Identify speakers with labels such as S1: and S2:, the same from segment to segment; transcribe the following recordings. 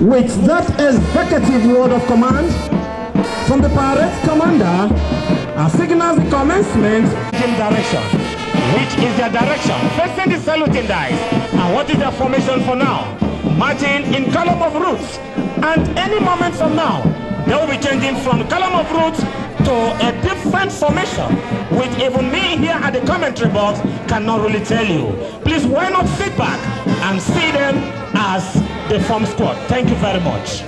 S1: with that executive word of command from the parade commander and signals the commencement in direction. Which is their direction? Facing the saluting dice. And what is their formation for now? Marching in column of roots. And any moment from now, they will be changing from column of roots to a different formation, which even me here at the commentary box cannot really tell you. Please, why not sit back and see them as the farm squad. Thank you very much.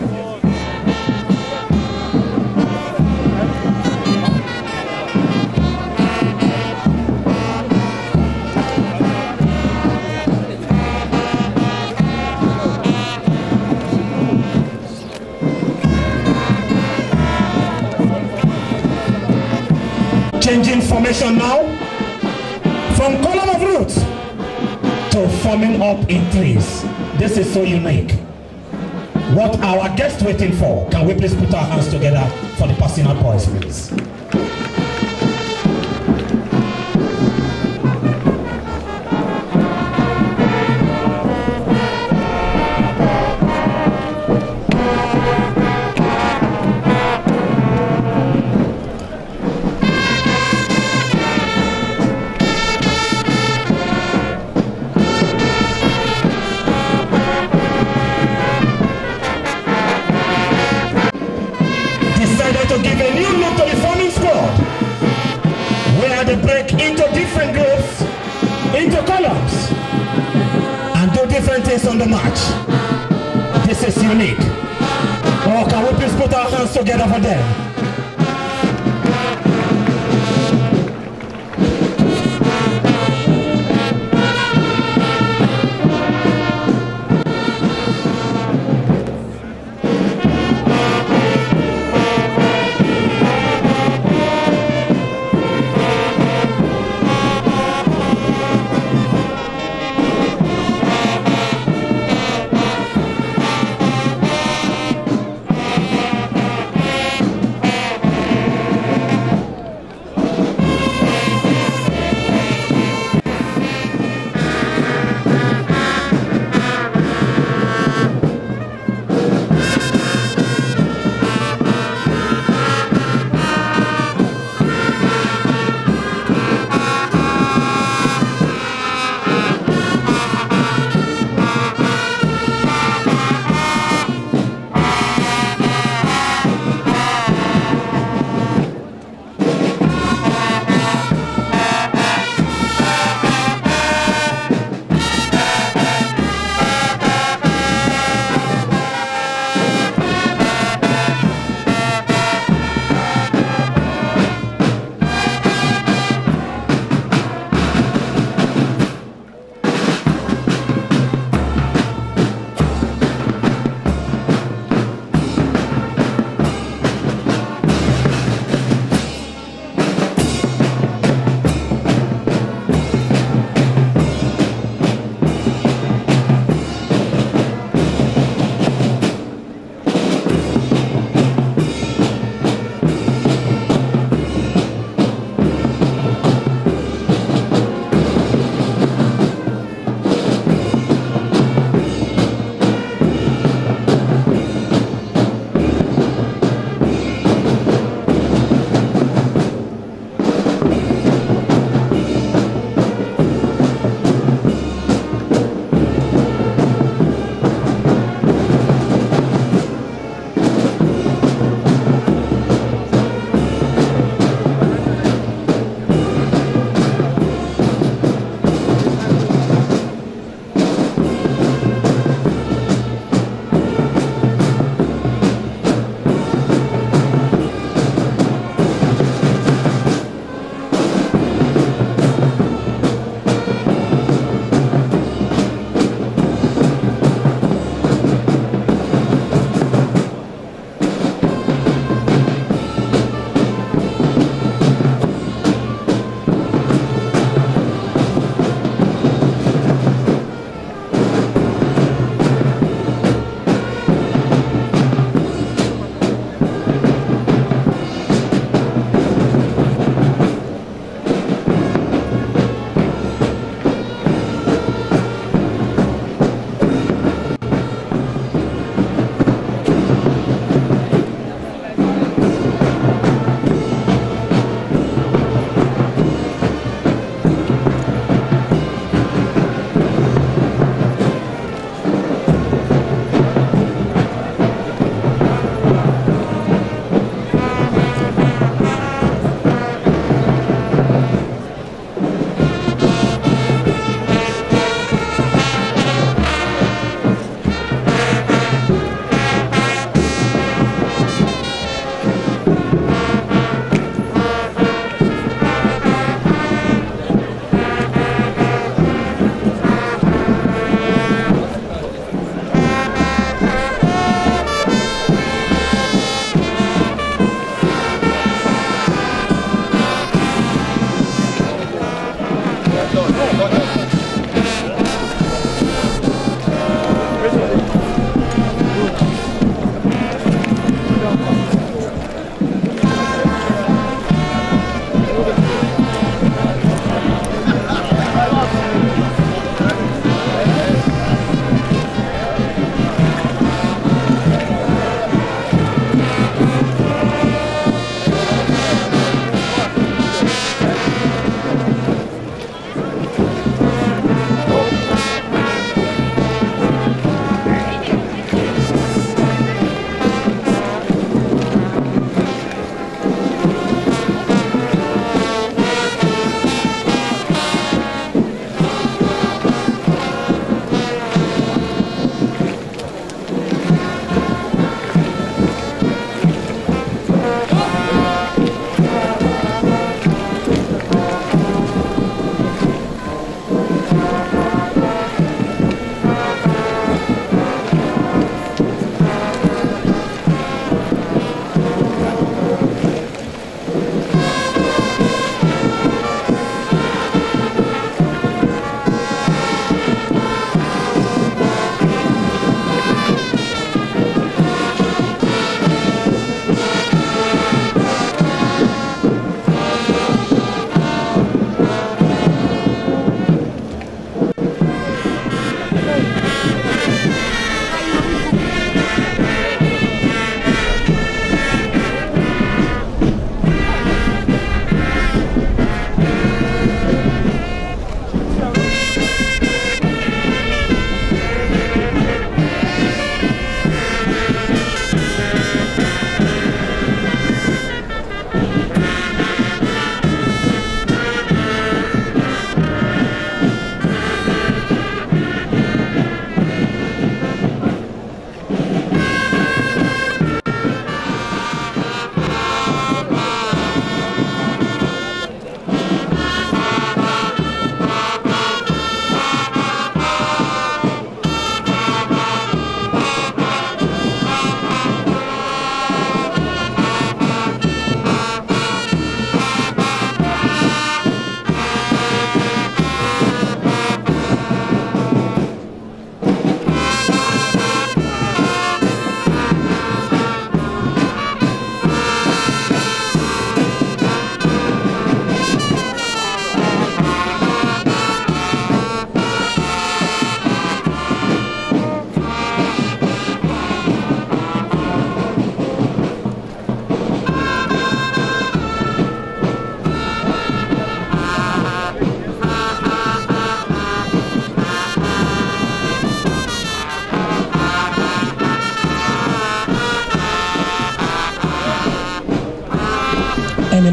S1: changing formation now from column of roots to forming up in threes. This is so unique what our guest waiting for. Can we please put our hands together for the passing our boys, please? is on the march. This is unique. Oh, can we please put our hands together for them.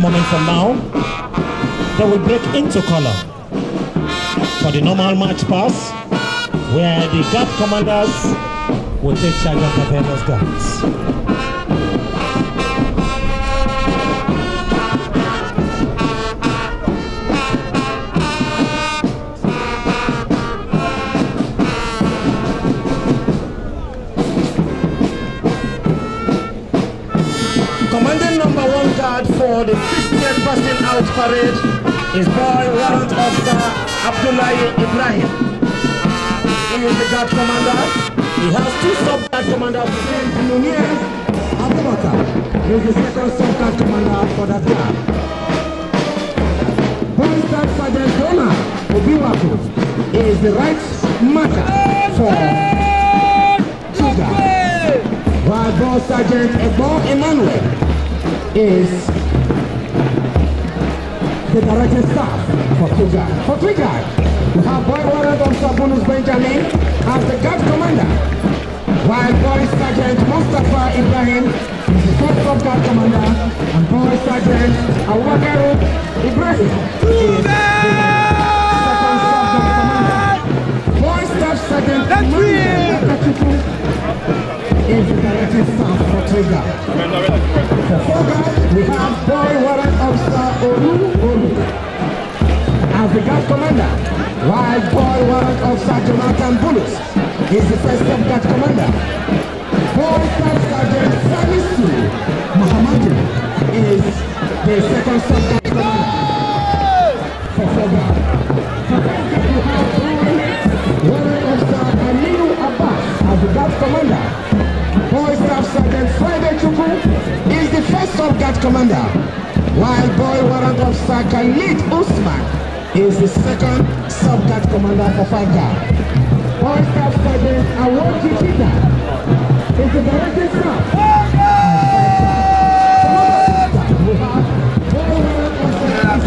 S1: coming from now, they will break into color for the normal match pass, where the guard commanders will take charge of the various guards. World Parade is born round after Abdullahi Ibrahim. He is the guard commander. He has two sub-guard commanders, Nunez Abubakar. He is the second sub-guard commander for that guard. Police Guard Sergeant Doma Obiwaku is the right marker for Sugar. While Boss Sergeant Ebo Emmanuel is the directing staff for two guys. For three guys, we have boy warrant on Sabunus Benjamin as the guard commander, while boy sergeant Mustafa Ibrahim is the first of guard commander, and boy sergeant Awakaru Ibrahim let the second is the directing staff for Tiga. we have Boy Officer Olu Olu as the guard commander, while Boy Warrant Officer Jonathan Bulus is the first step guard commander. Boy Staff Sergeant Salisu Muhammadu is the second step guard commander for Fogar. commander, while boy warrant officer Khalid Usman is the 2nd subcat commander for Fanka. Boy staff sergeant Awon Kikita is the directing staff. Boy Staff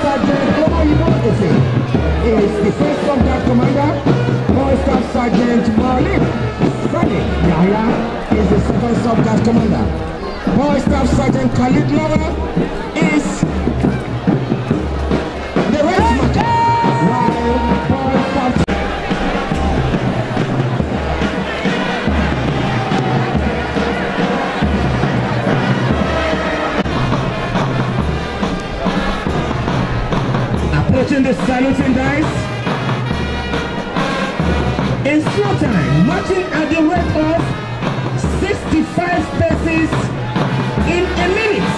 S1: Sergeant Omo is the first commander Master Sergeant Malik Sadiq Yahya is the second sub-class commander. Boy Staff Sergeant Khalid Lawa marching at the rate of 65 paces in a minute.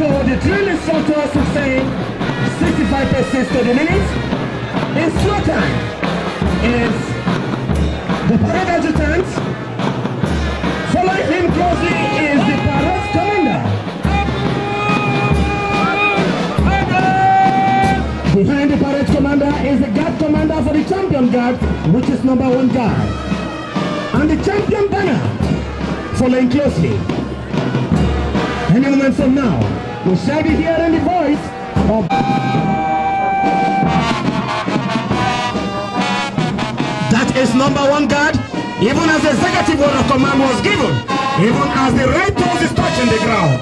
S1: Though the drill instructor would say 65 paces to the minute in slow time is the parade adjutant. Following him closely is the parade commander. Kingdom guard, which is number one guard, And the champion banner, following closely. Any moment from now, we shall be hearing the voice of... That is number one guard. even as the executive order of command was given, even as the right toes is touching the ground.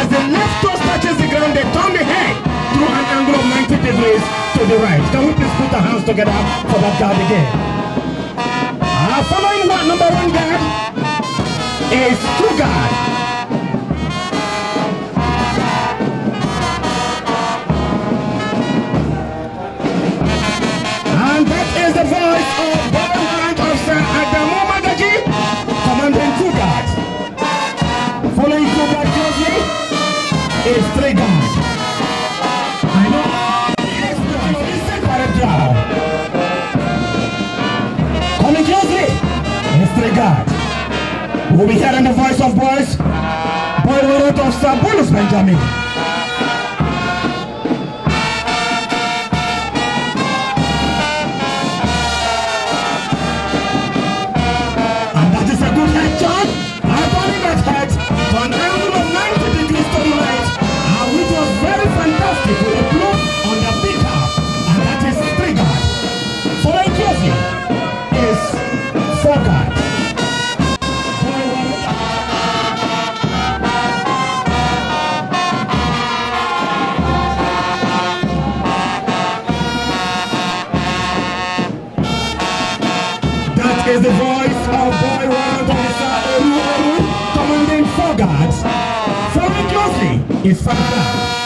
S1: As the left toes touches the ground, they turn the head through an angle of 90 degrees to the right. Can we please put our hands together for that guard again? Our ah, following number one guard is two guys. We'll be hearing the voice of boys. Boy Loroto of boys, Benjamin. e fala.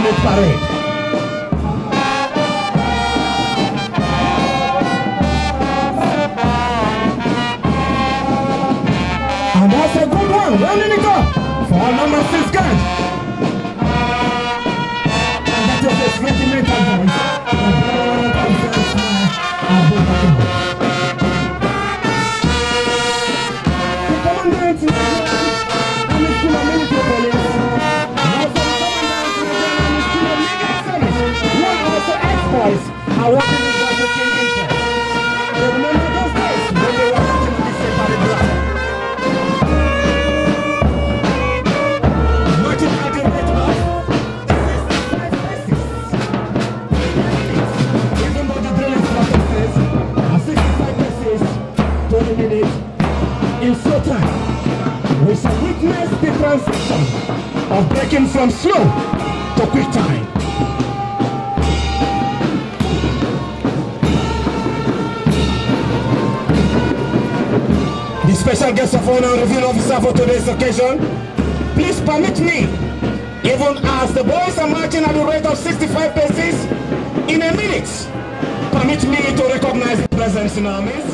S1: the parade. Fauna Review Officer for today's occasion, please permit me, even as the boys are marching at the rate of 65 paces in a minute, permit me to recognize the presence in our midst.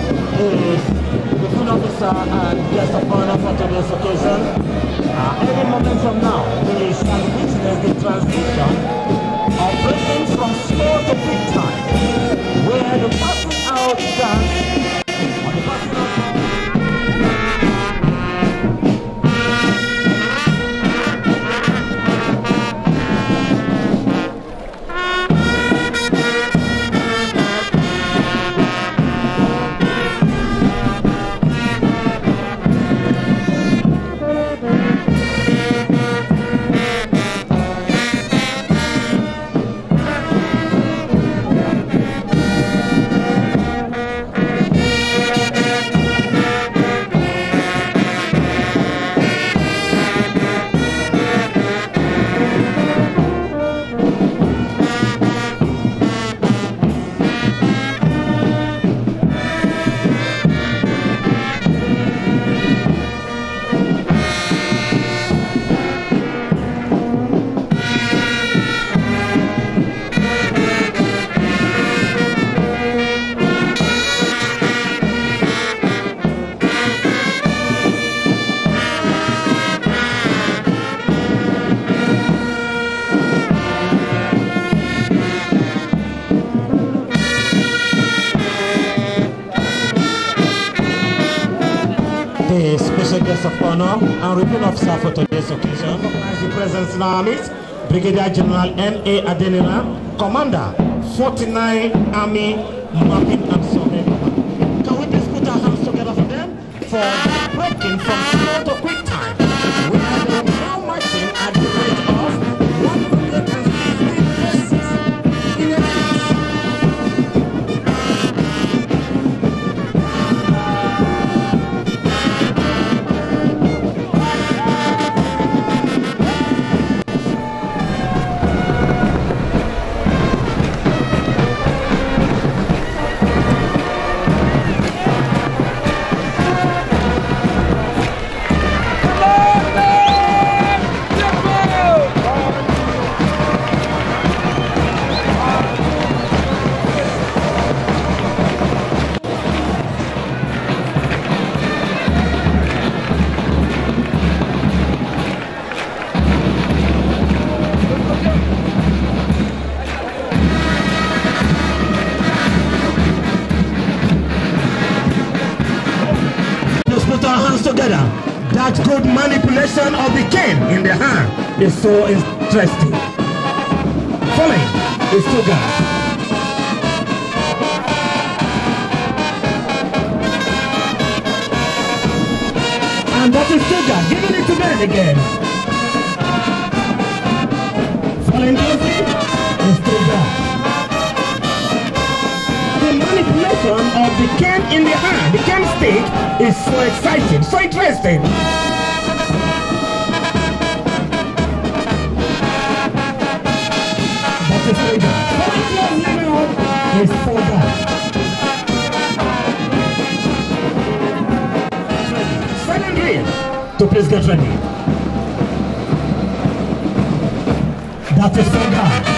S1: the food officer and guest of honor for today's occasion. Uh, any moment from now, we shall witness the transition from small to big time, where the passing out stands on the out. as a guest of honor and reaping officer for today's occasion. Recognize the presence in our midst, Brigadier General N.A. Adenina, Commander, 49 Army Mapping and Survey Can we please put our hands together for them for breaking from slow to quick time? the hand is so interesting. Falling is so good. And that is sugar? Giving it to men again. Falling guilty is sugar. The manipulation of the cane in the hand, the cane stick, is so exciting, so interesting. jest woda. to pryzgaczenie. That's a song.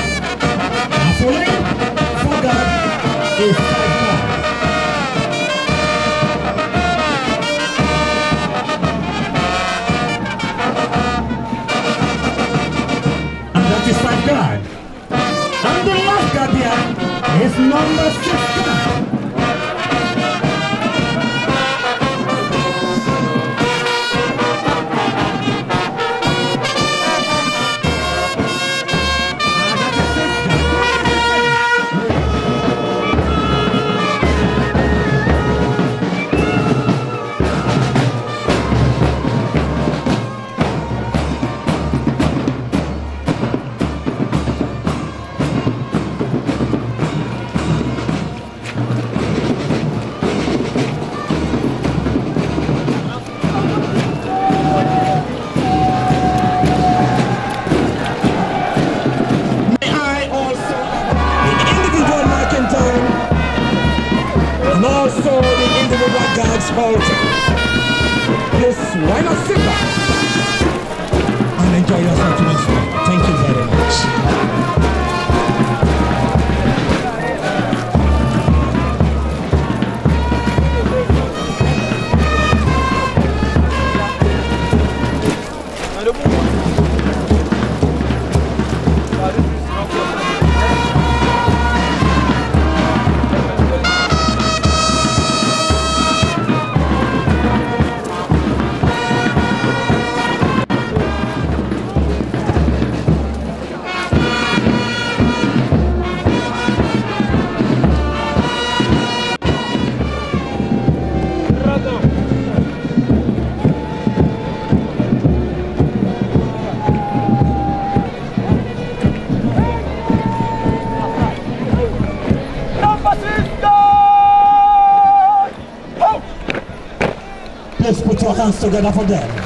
S1: chance together for them.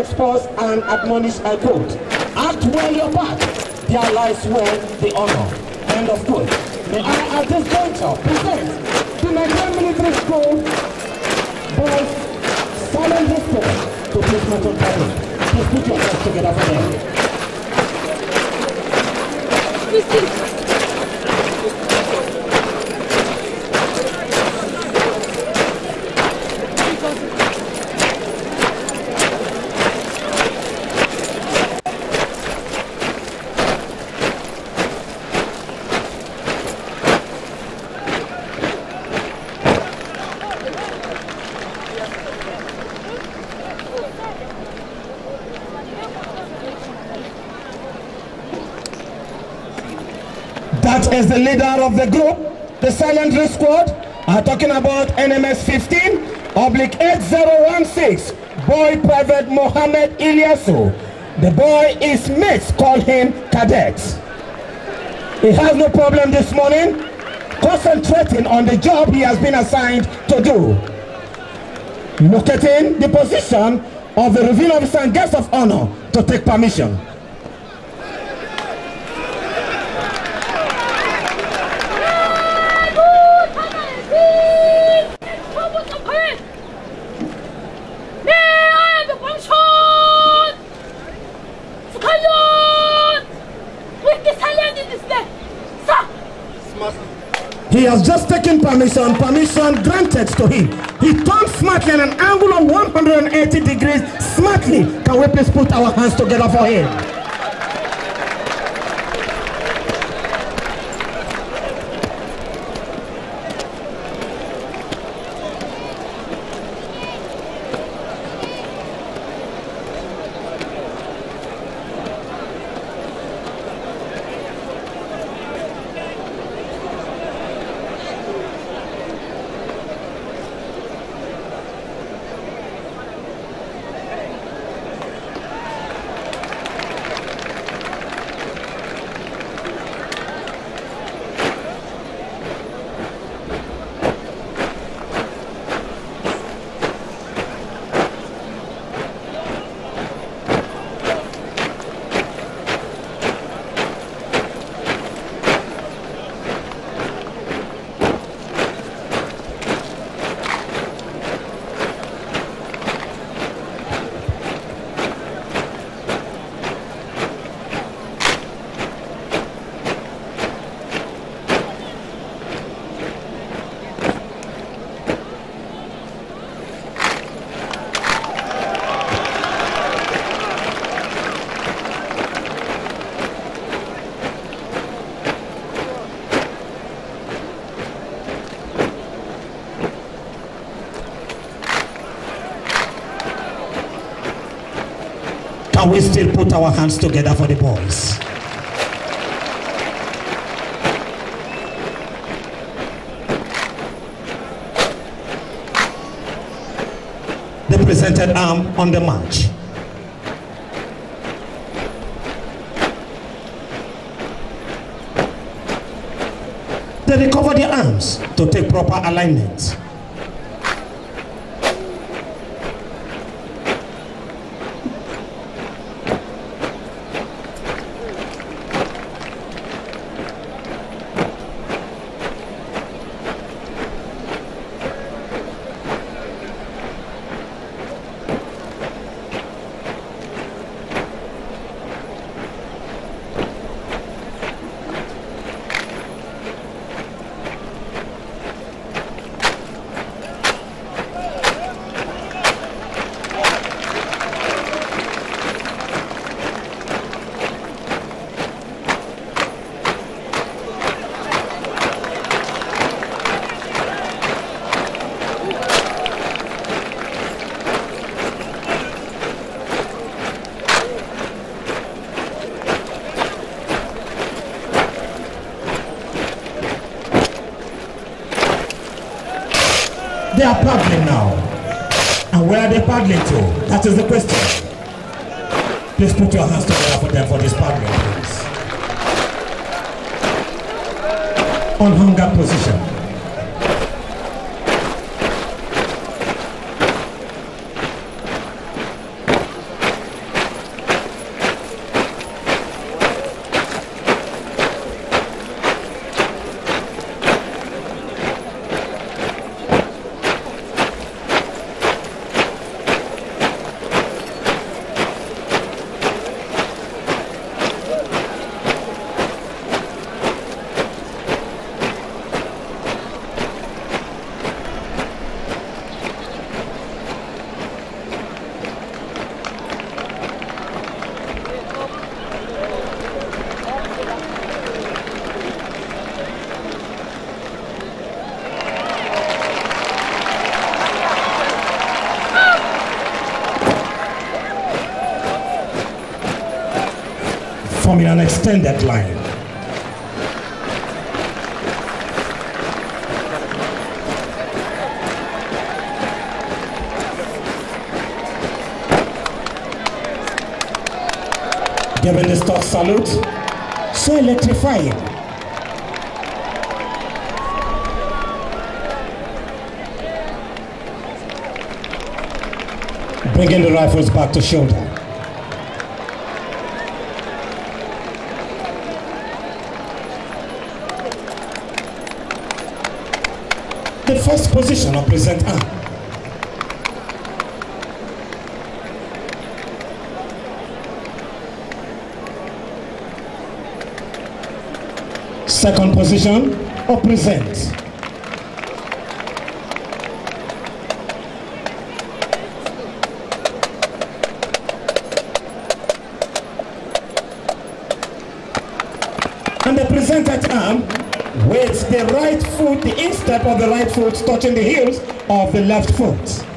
S1: expose and admonish, I quote, act well your part, their lives well the honor. End of quote. May I at this juncture present to my Nigerian military school boys solemn discourse to please my companion. Please put your hands together for them. Mr. of the group, the Silent Risk Squad, are talking about NMS 15, oblique 8016, boy Private Mohammed Ilyasu. The boy is mates call him Cadet. He has no problem this morning, concentrating on the job he has been assigned to do. Locating the position of the reveal officer and guest of honor to take permission. has just taken permission, permission granted to him. He turned smartly at an angle of 180 degrees, smartly. Can we please put our hands together for him? still put our hands together for the boys. They presented arm on the march. They recovered their arms to take proper alignment. come in and extend that line. Giving the stock salute, so electrified. bringing the rifles back to shoulder. first position of President Anne. Second position of President step of the right foot touching the heels of the left foot.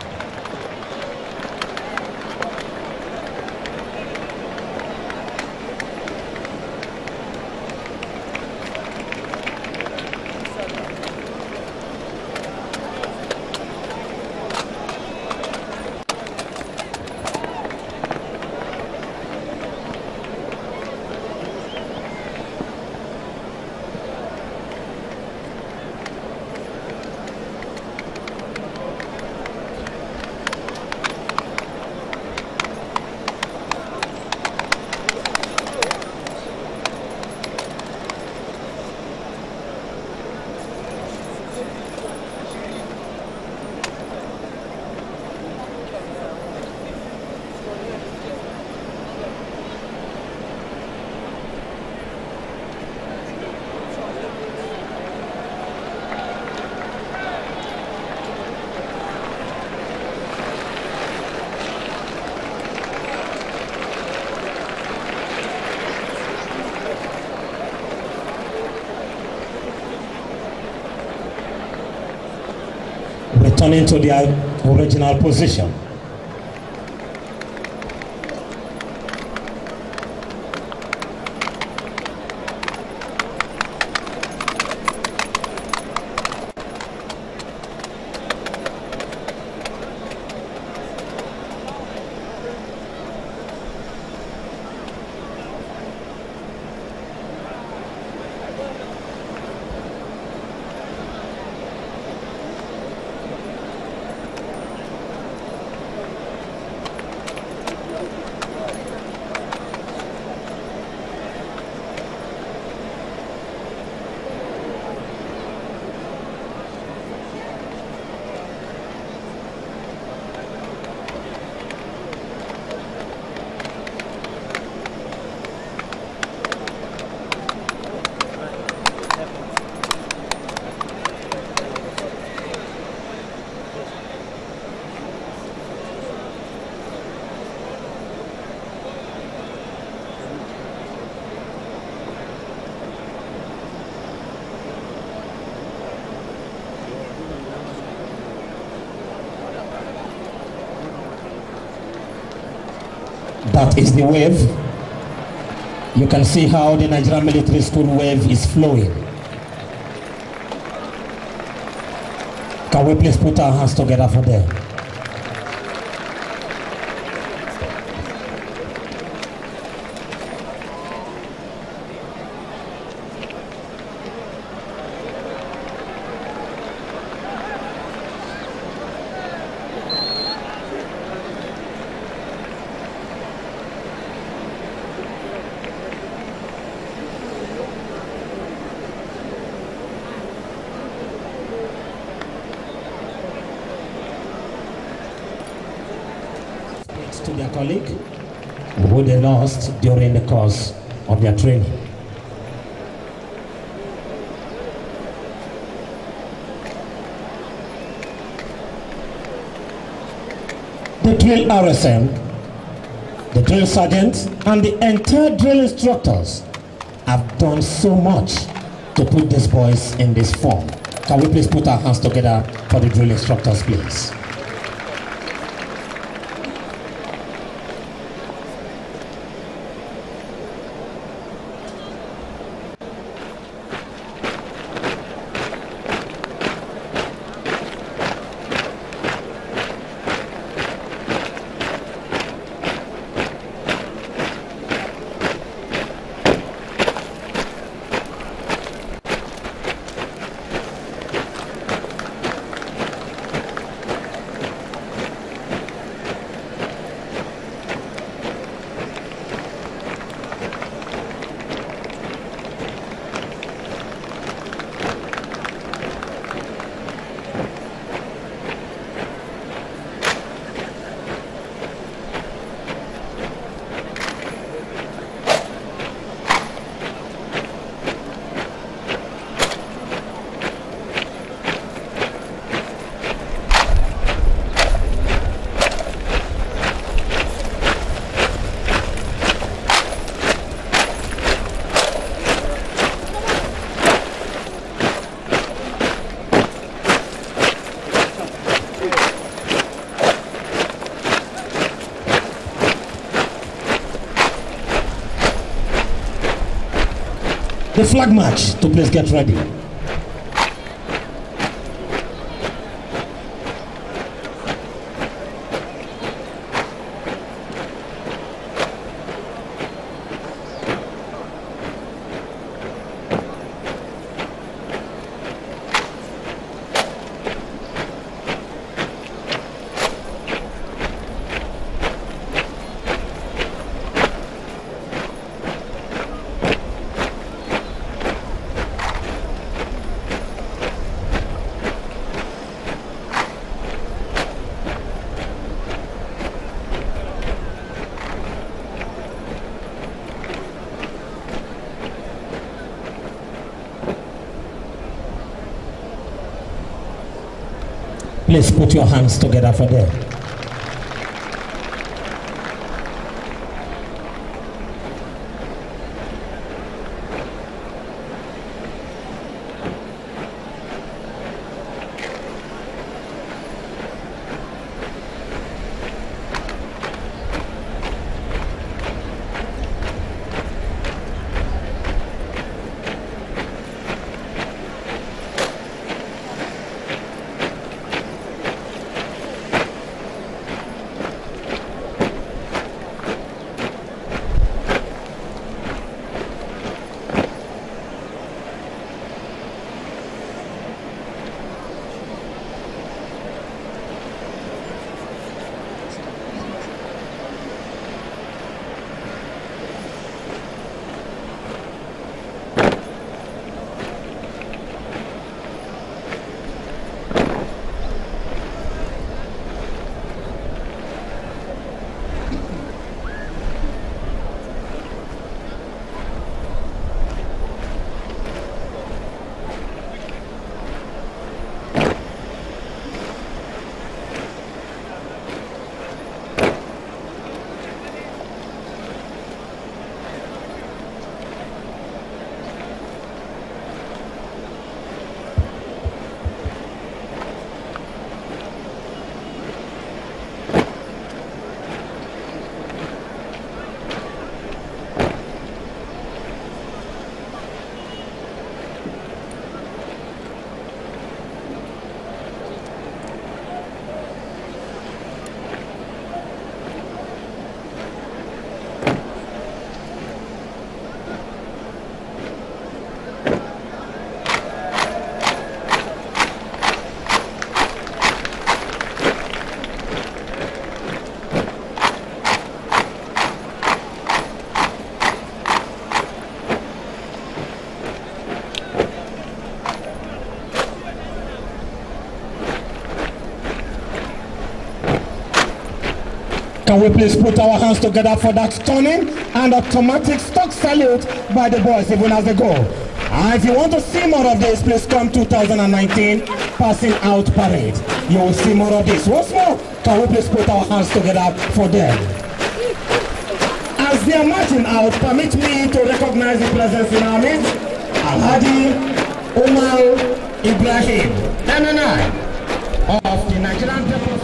S1: returning to their original position. is the wave. You can see how the Nigerian Military School wave is flowing. Can we please put our hands together for them? during the course of their training. The drill RSM, the drill sergeants, and the entire drill instructors have done so much to put these boys in this form. Can we please put our hands together for the drill instructors, please? The flag match, to please get ready. Please put your hands together for them. Can we please put our hands together for that stunning and automatic stock salute by the boys even as they go? And ah, if you want to see more of this, please come 2019 Passing Out Parade. You will see more of this. Once more, can we please put our hands together for them? As they are marching out, permit me to recognize the presence in our midst, Alhadi Umar Ibrahim, and I, of the Nigerian People's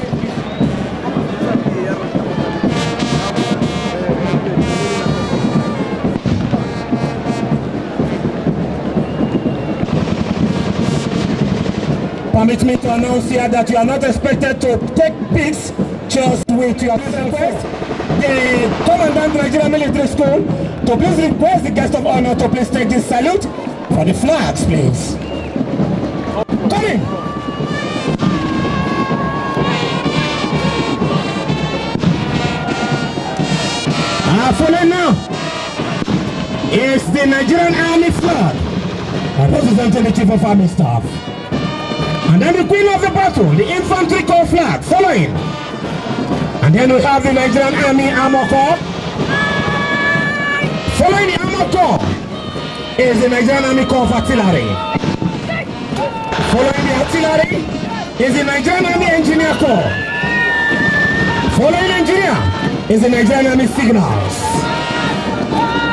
S1: Permit me to announce here that you are not expected to take pics just with your request the Commandant Nigerian Military School to please request the guest of honor to please take this salute for the flags, please. Come in. following now is the Nigerian Army flag representing the Chief of Army Staff. And then the queen of the battle, the infantry corps flag, following. And then we have the Nigerian Army Armor Corps. Following the Armor Corps is the Nigerian Army Corps of Artillery. Following the artillery is the Nigerian Army Engineer Corps. Following engineer is the Nigerian Army Signals.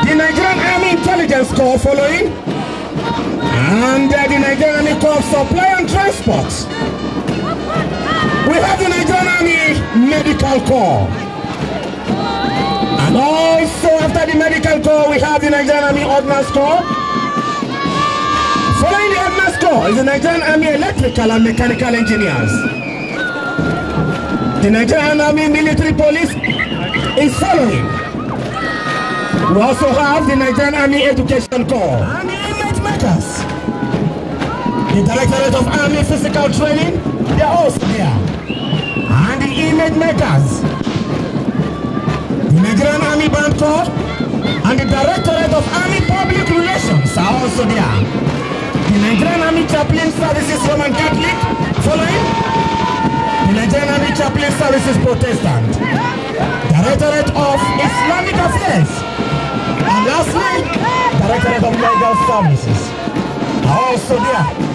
S1: The Nigerian Army Intelligence Corps following And uh, the Nigerian Army Corps Supply and Transport. We have the Nigerian Army Medical Corps. And also after the Medical Corps, we have the Nigerian Army Ordnance Corps. Following the Ordnance Corps is the Nigerian Army Electrical and Mechanical Engineers. The Nigerian Army Military Police is following. We also have the Nigerian Army Education Corps. image makers. the Directorate of Army Physical Training, they're also here. And the image makers, the Nigerian Army Band Corps, and the Directorate of Army Public Relations are also there. The Nigerian Army Chaplain Services Roman Catholic, following. The Nigerian Army Chaplain Services Protestant. Directorate of Islamic Affairs. And lastly, Directorate of Legal Services. Also there.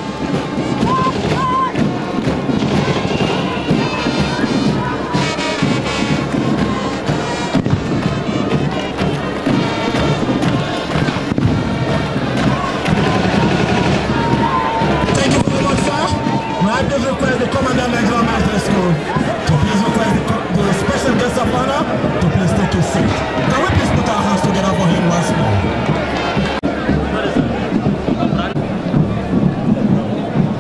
S1: seat. Can we please put our hands together for him once more?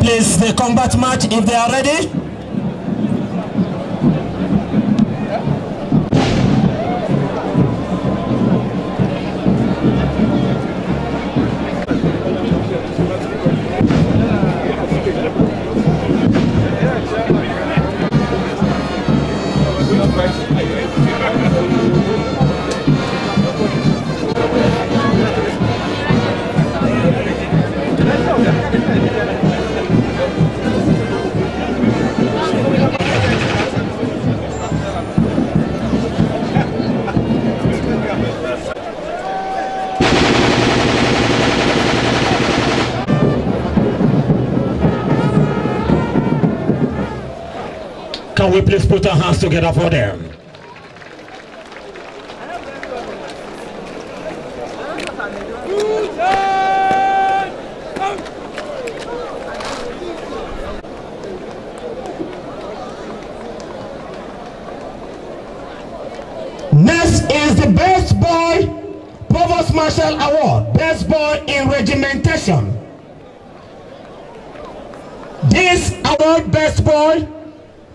S1: Please, the combat match, if they are ready. Can we please put our hands together for them?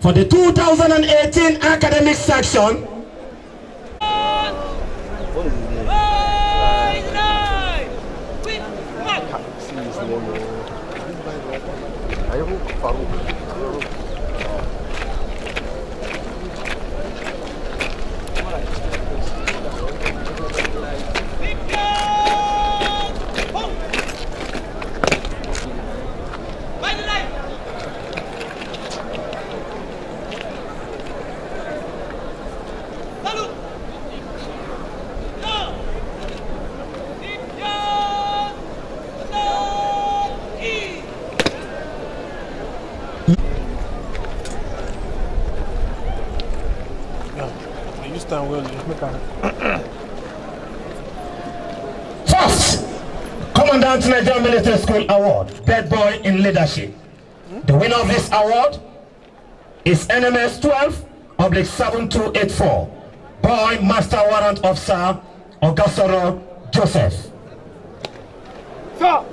S1: for the 2018 academic section Youth Nigerian Military School Award, Bad Boy in Leadership. The winner of this award is NMS 12 oblique 7284, Boy Master Warrant Officer Augustoro Joseph. Stop.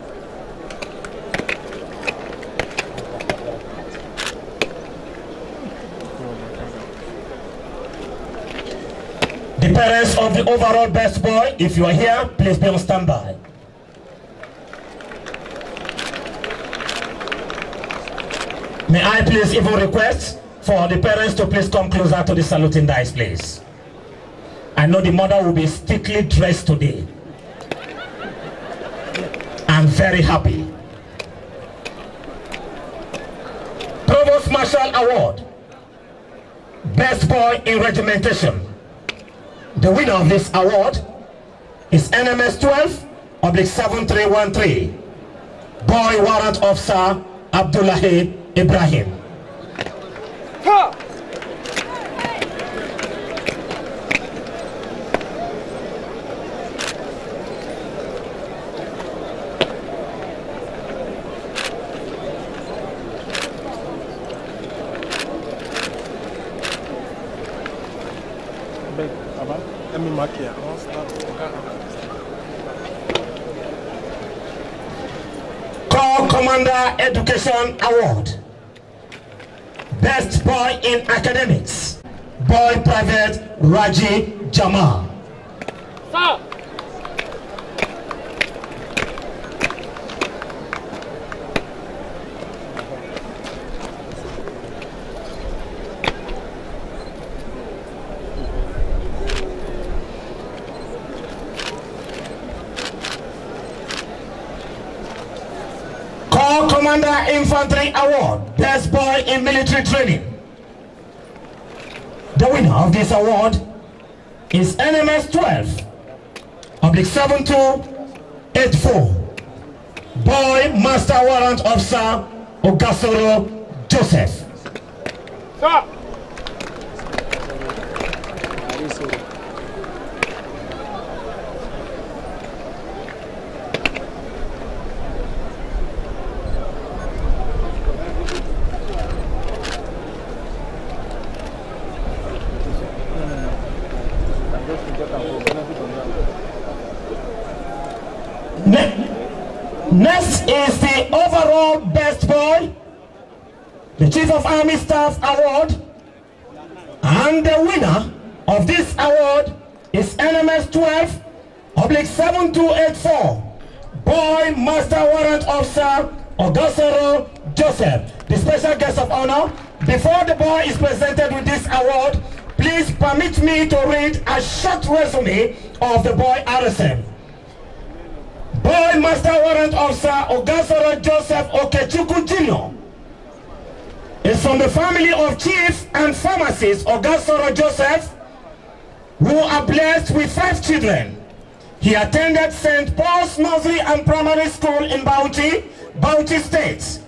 S1: The parents of the overall best boy, if you are here, please be on standby. May I please even request for the parents to please come closer to the saluting dice, please. I know the mother will be strictly dressed today. I'm very happy. Provost Marshal Award, Best Boy in Regimentation. The winner of this award is NMS 12 oblique 7313, Boy Warrant Officer Abdullahi Ibrahim. Call Commander Education Award. best boy in academics, boy private Raji Jamal. Sir. Commander Infantry Award best boy in military training. The winner of this award is NMS 12, oblique 7284, Boy Master Warrant Officer Ogasoro Joseph. Stop. the Chief of Army Staff Award. And the winner of this award is NMS 12 Oblique 7284 Boy Master Warrant Officer Augustero Joseph, the special guest of honor. Before the boy is presented with this award, please permit me to read a short resume of the boy RSM. Boy Master Warrant Officer Ogasoro Joseph Okechukwu Jr is from the family of chief and pharmacist Augustoro Joseph, who are blessed with five children. He attended St. Paul's Nursery and Primary School in Bauchi, Bauchi State.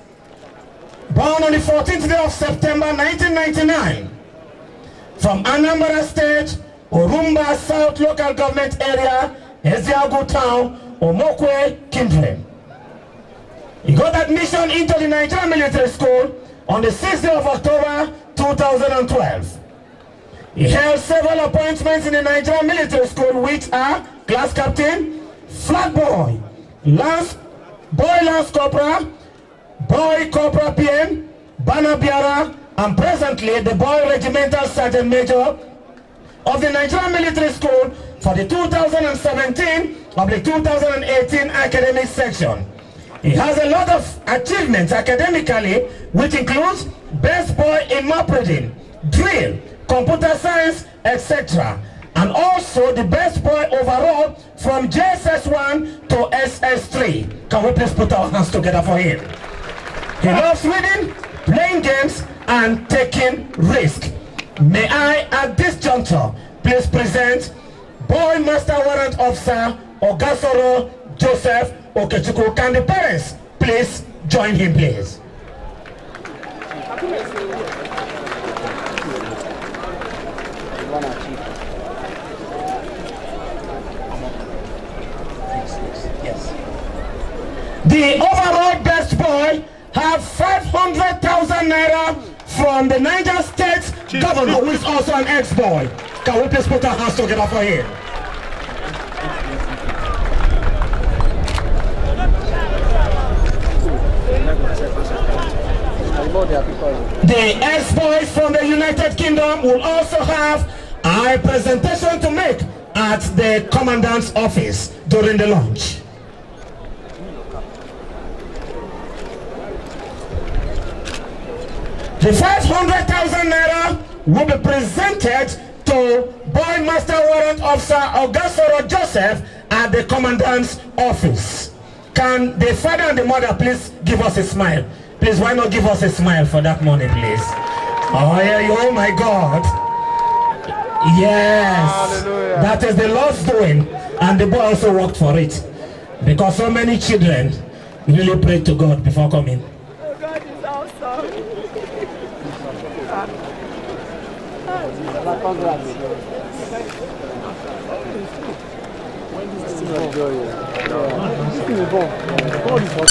S1: Born on the 14th day of September 1999, from Anambra State, Orumba South Local Government Area, Eziago Town, Omokwe, Kindle. He got admission into the Nigerian Military School on the 6th of October 2012. He held several appointments in the Nigerian military school which are class captain, flag boy, lance, boy lance corporal, boy corporal PM, banner bearer, and presently the boy regimental sergeant major of the Nigerian military school for the 2017 of the 2018 academic section. He has a lot of achievements academically, which includes best boy in map reading, drill, computer science, etc. And also the best boy overall from JSS1 to SS3. Can we please put our hands together for him? He loves reading, playing games, and taking risk. May I, at this juncture, please present Boy Master Warrant Officer Ogasoro Joseph Okechukwu. Can the parents please join him, please? Yes. The overall best boy have 500,000 naira from the Niger State governor, who is also an ex-boy. Can we please put our hands together for him? The experts from the United Kingdom will also have a presentation to make at the commandant's office during the launch. The 500,000 Naira will be presented to Boy Master Warrant Officer Augustoro Joseph at the commandant's office. Can the father and the mother please give us a smile? Please, why not give us a smile for that money, please? Oh, yeah, oh my God. Yes. Hallelujah. That is the Lord's doing. And the boy also worked for it. Because so many children really prayed to God before coming. Oh, God is awesome. 이거 이거 꼬리